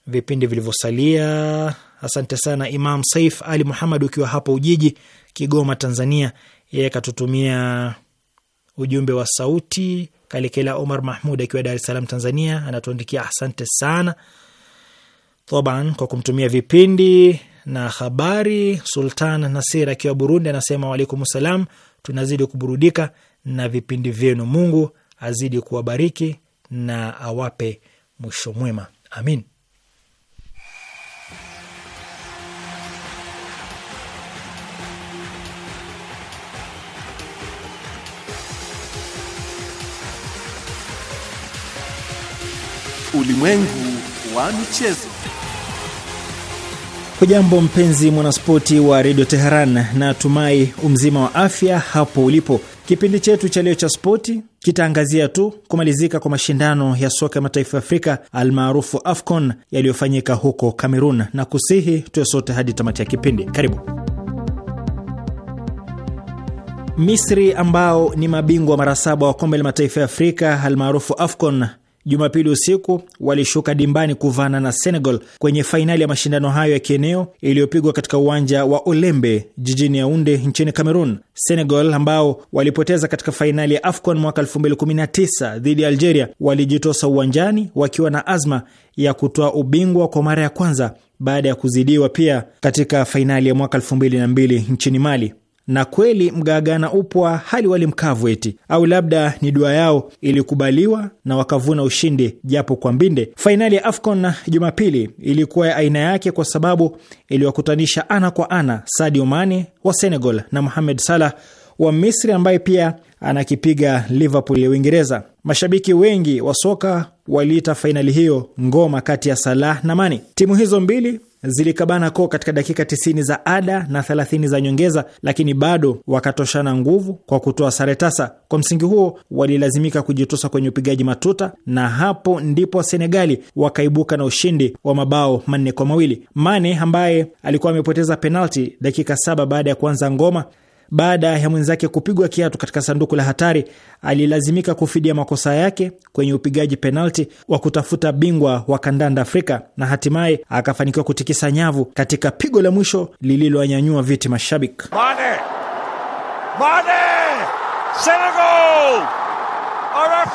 vipindi vilivyosalia. Asante sana Imam Saif Ali Muhamad, ukiwa hapo Ujiji Kigoma, Tanzania. Yeye akatutumia ujumbe wa sauti. Kalekela Omar Mahmud akiwa Dar es Salaam, Tanzania, anatuandikia asante sana Thoban kwa kumtumia vipindi na habari. Sultan Nasir akiwa Burundi anasema waalaikum salam, tunazidi kuburudika na vipindi vyenu. Mungu azidi kuwabariki na awape mwisho mwema, amin. Ulimwengu wa michezo. Hujambo mpenzi mwanaspoti wa redio Teheran, na tumai umzima wa afya hapo ulipo. Kipindi chetu cha leo cha spoti kitaangazia tu kumalizika kwa mashindano ya soka ya mataifa ya Afrika almaarufu AFCON yaliyofanyika huko Kamerun, na kusihi tuwe sote hadi tamati ya kipindi. Karibu. Misri ambao ni mabingwa mara saba wa kombe la mataifa ya Afrika almaarufu AFCON Jumapili usiku walishuka dimbani kuvana na Senegal kwenye fainali ya mashindano hayo ya kieneo iliyopigwa katika uwanja wa Olembe jijini Yaunde nchini Cameroon. Senegal ambao walipoteza katika fainali ya AFCON mwaka 2019 dhidi ya Algeria walijitosa uwanjani wakiwa na azma ya kutoa ubingwa kwa mara ya kwanza baada ya kuzidiwa pia katika fainali ya mwaka 2002 nchini Mali na kweli mgaagana upwa hali wali mkavu eti, au labda ni dua yao ilikubaliwa na wakavuna ushindi japo kwa mbinde. Fainali ya AFCON Jumapili ilikuwa ya aina yake kwa sababu iliwakutanisha ana kwa ana Sadio Mane wa Senegal na Mohamed Salah wa Misri ambaye pia anakipiga Liverpool ya Uingereza. Mashabiki wengi wa soka waliita fainali hiyo ngoma kati ya Salah na Mane. Timu hizo mbili zilikabana koo katika dakika 90 za ada na 30 za nyongeza, lakini bado wakatoshana nguvu kwa kutoa sare tasa. Kwa msingi huo, walilazimika kujitosa kwenye upigaji matuta, na hapo ndipo Senegali wakaibuka na ushindi wa mabao manne kwa mawili. Mane ambaye alikuwa amepoteza penalti dakika saba baada ya kuanza ngoma baada ya mwenzake kupigwa kiatu katika sanduku la hatari, alilazimika kufidia makosa yake kwenye upigaji penalti wa kutafuta bingwa wa kandanda Afrika, na hatimaye akafanikiwa kutikisa nyavu katika pigo la mwisho lililoanyanyua viti mashabiki. Mane! Mane! Senegal Well,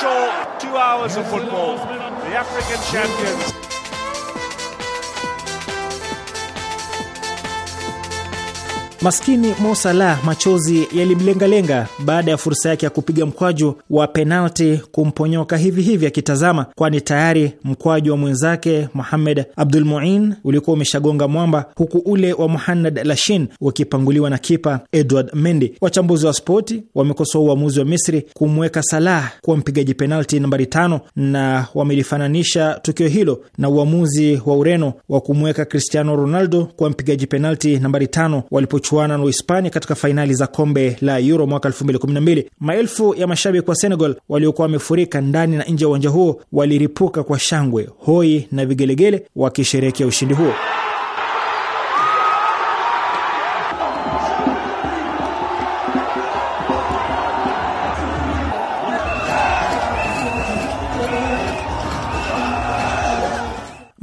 sure. Maskini Mo Salah machozi yalimlengalenga baada ya fursa yake ya kupiga mkwaju wa penalti kumponyoka hivi hivi akitazama, kwani tayari mkwaju wa mwenzake muhammed Abdul Muin ulikuwa umeshagonga mwamba, huku ule wa Muhanad Lashin ukipanguliwa na kipa Edward Mendy. Wachambuzi wa spoti wamekosoa uamuzi wa Misri kumweka Salah kuwa mpigaji penalti nambari tano na wamelifananisha tukio hilo na uamuzi wa Ureno wa kumweka Cristiano Ronaldo kuwa mpigaji penalti nambari tano walipochua kuchuana na Uhispania katika fainali za kombe la Euro mwaka 2012. Maelfu ya mashabiki wa Senegal waliokuwa wamefurika ndani na nje ya uwanja huo waliripuka kwa shangwe, hoi na vigelegele wakisherehekea ushindi huo.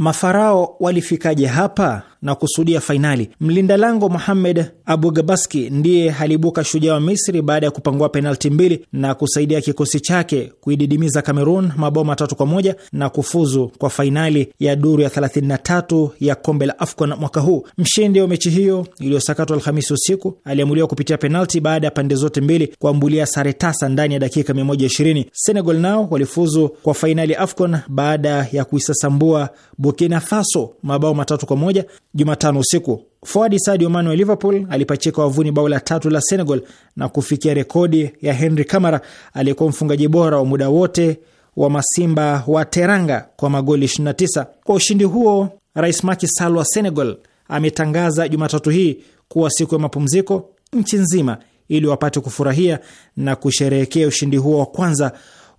mafarao walifikaje hapa na kusudia fainali? Mlinda lango Muhamed Abu Gabaski ndiye aliibuka shujaa wa Misri baada ya kupangua penalti mbili na kusaidia kikosi chake kuididimiza cameron mabao matatu kwa moja na kufuzu kwa fainali ya duru ya 33 ya kombe la AFCON mwaka huu. Mshindi wa mechi hiyo iliyosakatwa Alhamisi usiku aliamuliwa kupitia penalti baada ya pande zote mbili kuambulia sare tasa ndani ya dakika 120. Senegal nao walifuzu kwa fainali AFCON baada ya kuisasambua Burkina Faso mabao matatu kwa moja Jumatano usiku. Forward Sadio Mane wa Liverpool alipachika wavuni bao la tatu la Senegal na kufikia rekodi ya Henry Camara aliyekuwa mfungaji bora wa muda wote wa Masimba wa Teranga kwa magoli 29. Kwa ushindi huo, Rais Macky Sall wa Senegal ametangaza Jumatatu hii kuwa siku ya mapumziko nchi nzima ili wapate kufurahia na kusherehekea ushindi huo wa kwanza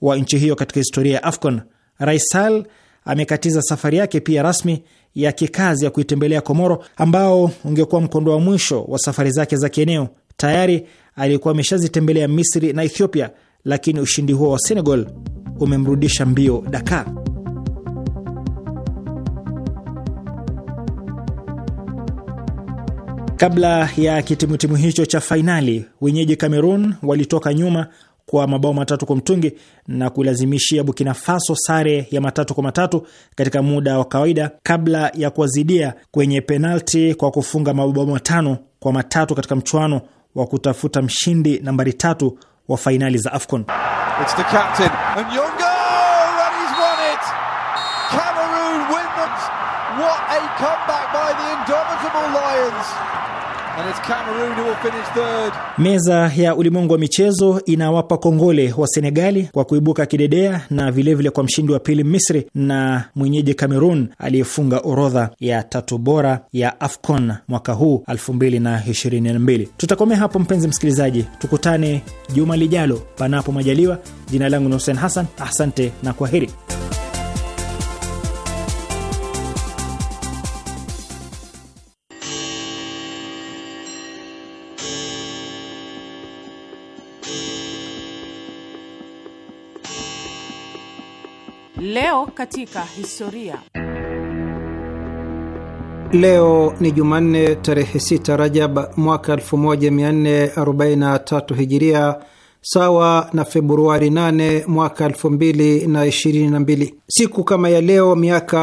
wa nchi hiyo katika historia ya AFCON. Rais Sall amekatiza safari yake pia rasmi ya kikazi ya kuitembelea Komoro, ambao ungekuwa mkondo wa mwisho wa safari zake za kieneo. Tayari alikuwa ameshazitembelea Misri na Ethiopia, lakini ushindi huo wa Senegal umemrudisha mbio Dakar. Kabla ya kitimutimu hicho cha fainali, wenyeji Cameroon walitoka nyuma kwa mabao matatu kwa mtungi na kuilazimishia Burkina Faso sare ya matatu kwa matatu katika muda wa kawaida kabla ya kuwazidia kwenye penalti kwa kufunga mabao matano kwa matatu katika mchuano wa kutafuta mshindi nambari tatu wa fainali za AFCON. It's the captain, and What a comeback by the indomitable Lions. Meza ya ulimwengu wa michezo inawapa kongole wa Senegali kwa kuibuka kidedea na vilevile vile kwa mshindi wa pili Misri na mwenyeji Cameroon aliyefunga orodha ya tatu bora ya AFCON mwaka huu 2022. Tutakomea hapo mpenzi msikilizaji, tukutane juma lijalo, panapo majaliwa. Jina langu ni Hussein Hassan, asante na kwaheri. Leo katika historia. Leo ni Jumanne tarehe 6 Rajab mwaka 1443 Hijiria, sawa na Februari 8 mwaka 2022. Siku kama ya leo miaka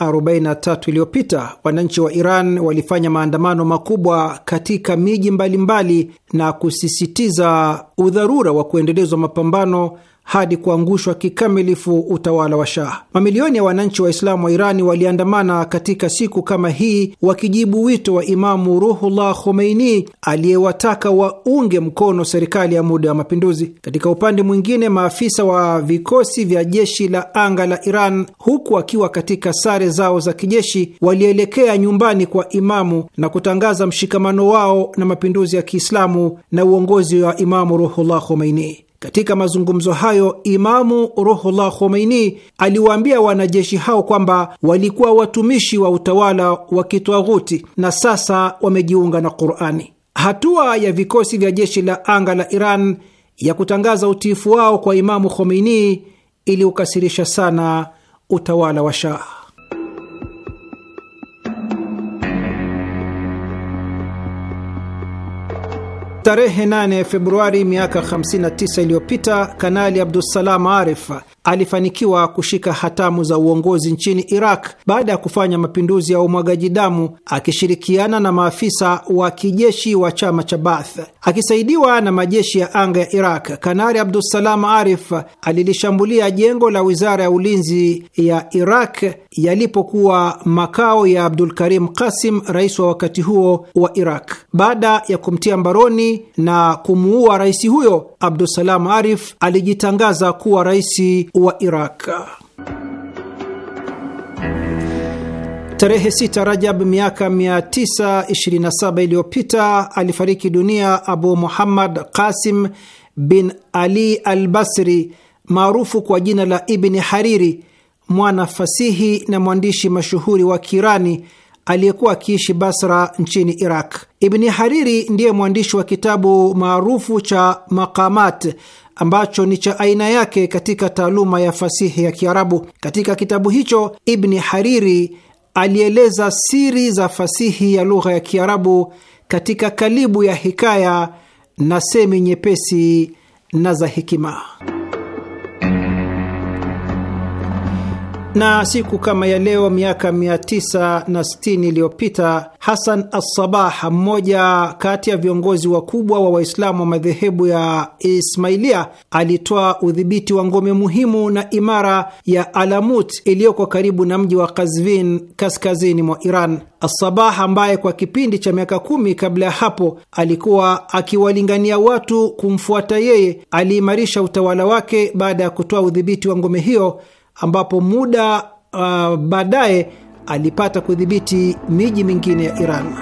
43 iliyopita wananchi wa Iran walifanya maandamano makubwa katika miji mbalimbali na kusisitiza udharura wa kuendelezwa mapambano hadi kuangushwa kikamilifu utawala wa Shah. Mamilioni ya wananchi wa islamu wa Irani waliandamana katika siku kama hii wakijibu wito wa Imamu Ruhullah Khomeini aliyewataka waunge mkono serikali ya muda wa mapinduzi. Katika upande mwingine, maafisa wa vikosi vya jeshi la anga la Iran, huku wakiwa katika sare zao za kijeshi, walielekea nyumbani kwa Imamu na kutangaza mshikamano wao na mapinduzi ya Kiislamu na uongozi wa Imamu Ruhullah Khomeini. Katika mazungumzo hayo, Imamu Ruhullah Khomeini aliwaambia wanajeshi hao kwamba walikuwa watumishi wa utawala wa kitwaghuti na sasa wamejiunga na Qurani. Hatua ya vikosi vya jeshi la anga la Iran ya kutangaza utiifu wao kwa Imamu Khomeini iliukasirisha sana utawala wa shaha Tarehe 8 Februari miaka 59 iliyopita, Kanali Abdussalam Arif alifanikiwa kushika hatamu za uongozi nchini Iraq baada ya kufanya mapinduzi ya umwagaji damu akishirikiana na maafisa wa kijeshi wa chama cha Baath akisaidiwa na majeshi ya anga ya Iraq. Kanari Abdusalam Arif alilishambulia jengo la wizara ya ulinzi ya Iraq yalipokuwa makao ya Abdul Karim Kasim, rais wa wakati huo wa Iraq. Baada ya kumtia mbaroni na kumuua rais huyo, Abdusalam Arif alijitangaza kuwa rais wa Iraq. Tarehe 6 Rajab miaka 927 iliyopita alifariki dunia Abu Muhammad Qasim bin Ali al Basri maarufu kwa jina la Ibni Hariri, mwana fasihi na mwandishi mashuhuri wa Kirani aliyekuwa akiishi Basra nchini Iraq. Ibni Hariri ndiye mwandishi wa kitabu maarufu cha Maqamat ambacho ni cha aina yake katika taaluma ya fasihi ya Kiarabu. Katika kitabu hicho, Ibni Hariri alieleza siri za fasihi ya lugha ya Kiarabu katika kalibu ya hikaya na semi nyepesi na za hekima. na siku kama ya leo miaka 960 iliyopita Hasan Assabah, mmoja kati ya viongozi wakubwa wa Waislamu wa madhehebu ya Ismailia, alitoa udhibiti wa ngome muhimu na imara ya Alamut iliyoko karibu na mji wa Kazvin kaskazini mwa Iran. Assabah ambaye kwa kipindi cha miaka kumi kabla ya hapo alikuwa akiwalingania watu kumfuata yeye, aliimarisha utawala wake baada ya kutoa udhibiti wa ngome hiyo ambapo muda uh, baadaye alipata kudhibiti miji mingine ya Iran.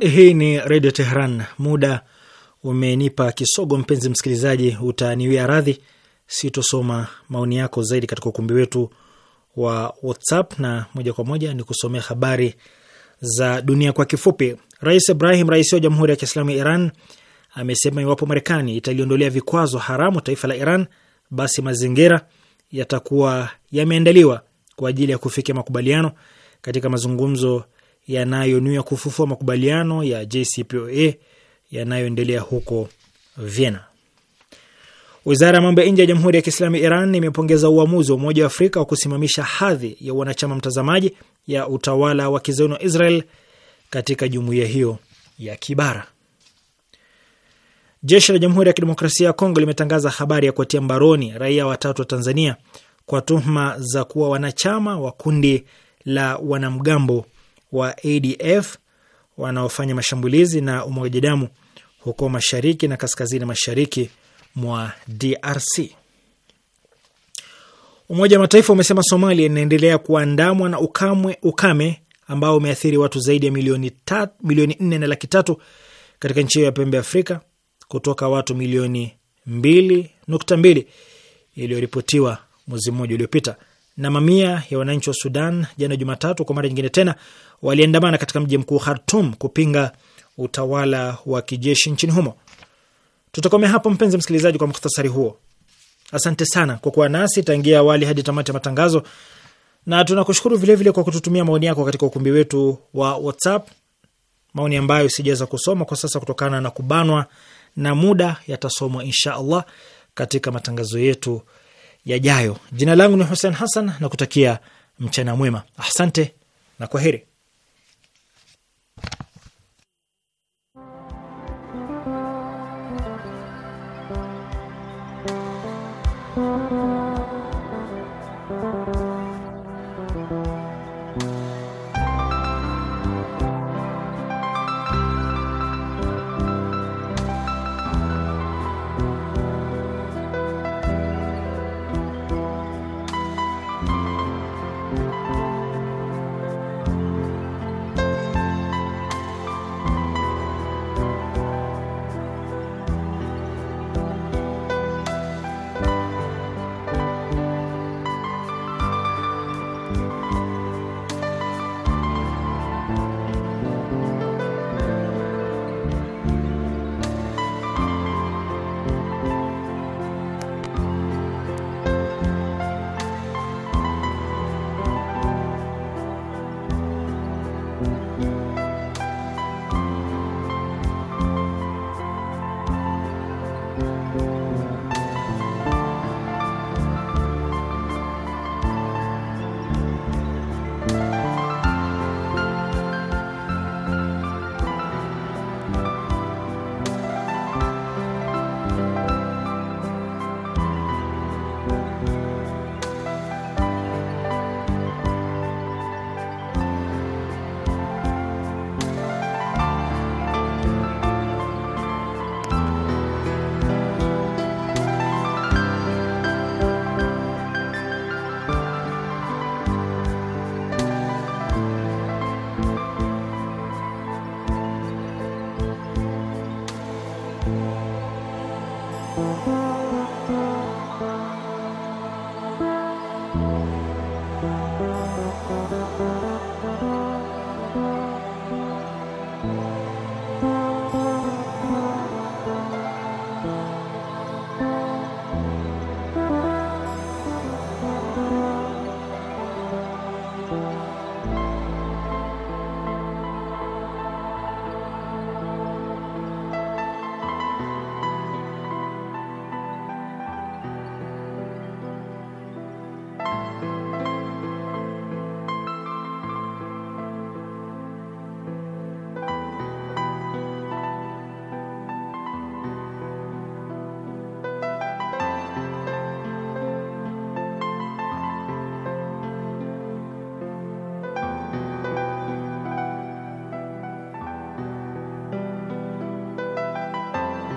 Hii ni Redio Tehran. Muda umenipa kisogo, mpenzi msikilizaji, utaniwia radhi, sitosoma maoni yako zaidi katika ukumbi wetu wa WhatsApp, na moja kwa moja ni kusomea habari za dunia kwa kifupi. Rais Ibrahim Raisi wa Jamhuri ya Kiislamu ya Iran amesema iwapo Marekani italiondolea vikwazo haramu taifa la Iran, basi mazingira yatakuwa yameandaliwa kwa ajili ya kufikia makubaliano katika mazungumzo yanayonuia kufufua makubaliano ya JCPOA yanayoendelea huko Vienna. Wizara ya mambo ya nje ya Jamhuri ya Kiislamu Iran imepongeza uamuzi wa Umoja wa Afrika wa kusimamisha hadhi ya wanachama mtazamaji ya utawala wa kizayuni wa Israel katika jumuiya hiyo ya kibara. Jeshi la Jamhuri ya Kidemokrasia ya Kongo limetangaza habari ya kuwatia mbaroni raia watatu wa Tanzania kwa tuhuma za kuwa wanachama wa kundi la wanamgambo wa ADF wanaofanya mashambulizi na umwagaji damu huko mashariki na kaskazini mashariki mwa DRC. Umoja wa Mataifa umesema Somalia inaendelea kuandamwa na ukamwe, ukame ambao umeathiri watu zaidi ya milioni tatu, milioni nne na laki tatu katika nchi hiyo ya pembe Afrika kutoka watu milioni mbili nukta mbili iliyoripotiwa mwezi mmoja uliopita. Na mamia ya wananchi wa Sudan jana Jumatatu kwa mara nyingine tena waliandamana katika mji mkuu Khartum kupinga utawala wa kijeshi nchini humo. Tutakomea hapo mpenzi msikilizaji, kwa mukhtasari huo. Asante sana kwa kuwa nasi tangia awali hadi tamati ya matangazo, na tunakushukuru vilevile kwa kututumia maoni yako katika ukumbi wetu wa WhatsApp, maoni ambayo sijaweza kusoma kwa sasa kutokana na kubanwa na muda, yatasomwa insha Allah katika matangazo yetu yajayo. Jina langu ni Hussein Hassan na kutakia mchana mwema. Asante na kwaheri.